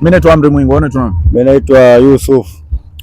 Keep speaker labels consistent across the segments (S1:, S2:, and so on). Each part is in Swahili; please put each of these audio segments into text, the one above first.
S1: Mimi naitwa Amri Mwingo, wewe unaitwa
S2: Mimi naitwa Yusuf.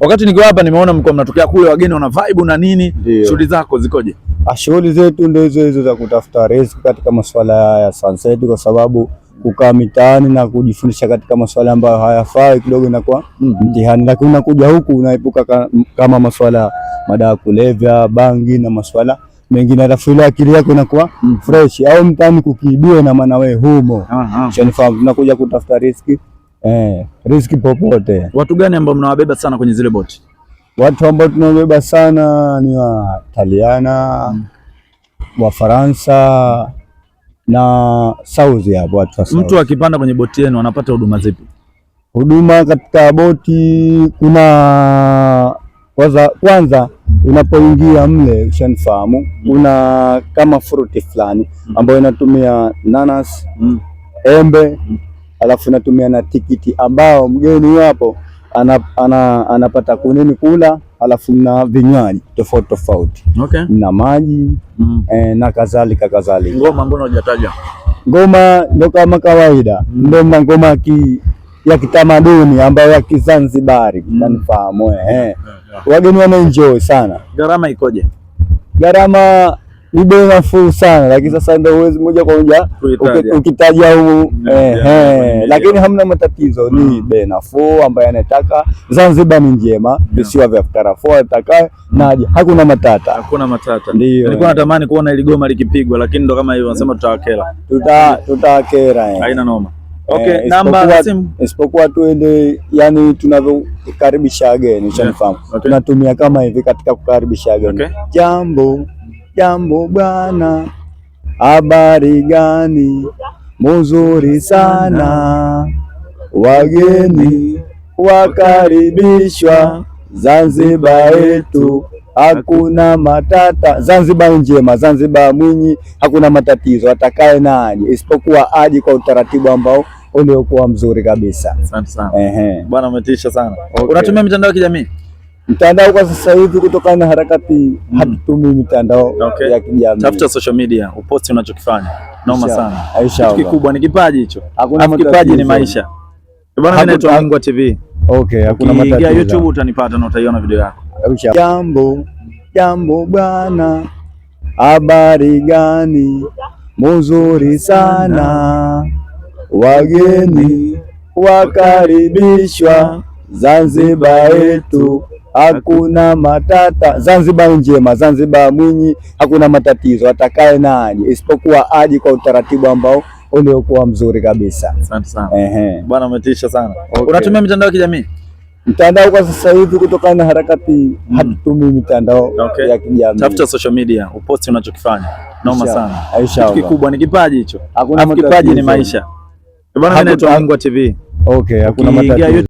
S1: Wakati nikiwa hapa nimeona mko mnatokea kule, wageni wana vibe na nini, shughuli zako zikoje?
S2: Ah, Shughuli zetu ndio hizo hizo za kutafuta riziki katika masuala ya sunset, kwa sababu kukaa mitaani na kujifundisha katika masuala ambayo hayafai kidogo inakuwa mm-hmm. mtihani mm -hmm. Lakini unakuja huku unaepuka kama masuala madawa kulevya, bangi na masuala mengine, alafu ile akili yako inakuwa mm -hmm. fresh, au mtaani kukiibiwa na maana wewe humo, shanifahamu. Tunakuja kutafuta riziki eh, riski popote.
S1: Watu gani ambao mnawabeba sana kwenye zile boti?
S2: Watu ambao tunawabeba sana ni Wataliana mm. Wafaransa na Saudi ya watu wa Saudi. Mtu
S1: akipanda kwenye boti yenu anapata huduma zipi? Huduma katika boti kuna kwanza kwanza, unapoingia mle ushanifahamu, mm. kuna kama fruti fulani mm. ambayo inatumia nanas, mm. embe mm alafu natumia na tikiti ambao mgeni wapo anapata ana, ana kunini kula, alafu na vinywaji tofauti tofauti okay. na maji mm. eh, na kadhalika kadhalika. Ngoma mbona hujataja? Ngoma ndo kama kawaida mm. ndo ngoma ki, ya kitamaduni ambayo ya Kizanzibari nanifahamu mm. eh. yeah, yeah. Wageni wana enjoy sana. Gharama ikoje? Gharama ni bei nafuu sana, lakini mm. sasa ndio uwezi moja kwa moja ukitaja huu mm, eh, eh lakini hamna matatizo, ni mm. bei nafuu. Ambaye anataka Zanzibar ni njema, visiwa vya Karafuu atakaye naje, hakuna matata, hakuna matata. Ndio nilikuwa natamani kuona ile goma likipigwa, lakini ndo kama hivyo wanasema, tutawakera, tuta tutawakera, eh. haina noma. Eh, okay, namba ya simu isipokuwa tu yani tunavyokaribisha ageni, ushanifahamu, tunatumia kama hivi katika kukaribisha ageni, jambo Jambo bwana, habari gani? Muzuri sana, wageni wakaribishwa Zanzibar yetu hakuna matata. Zanzibar njema, Zanzibar Mwinyi hakuna matatizo, atakaye na isipokuwa aje kwa utaratibu ambao uliokuwa mzuri kabisa. Asante sana. Ehe. Bwana umetisha sana. Okay. Unatumia mitandao ya kijamii? mtandao kwa sasa hivi, kutokana na harakati mm. hatutumii mitandao okay. ya kijamii. Tafuta social media uposti unachokifanya, noma sana. Kitu kikubwa ni kipaji hicho, hakuna kipaji ni maisha bwana. Mimi naitwa Mngwa TV. Okay, hakuna matatizo. Ingia YouTube utanipata na utaiona video yako. Jambo jambo bwana, habari gani? Muzuri sana, wageni wakaribishwa Zanzibar yetu hakuna matata. Zanzibar njema, Zanzibar Mwinyi, hakuna matatizo, atakaye naje, isipokuwa aje kwa utaratibu ambao uliokuwa mzuri kabisa. Asante sana Ehe. bwana, umetisha sana. Okay. Unatumia mitandao ya kijamii? Mtandao kwa sasa hivi kutokana na harakati mm, hatutumii mitandao okay, ya kijamii. Tafuta social media, uposti unachokifanya. Noma sana. Aisha. Ah, Kitu kikubwa ni kipaji hicho. Hakuna kipaji, ni maisha. Bwana, mimi naitwa Mngwa TV. Okay, hakuna matatizo.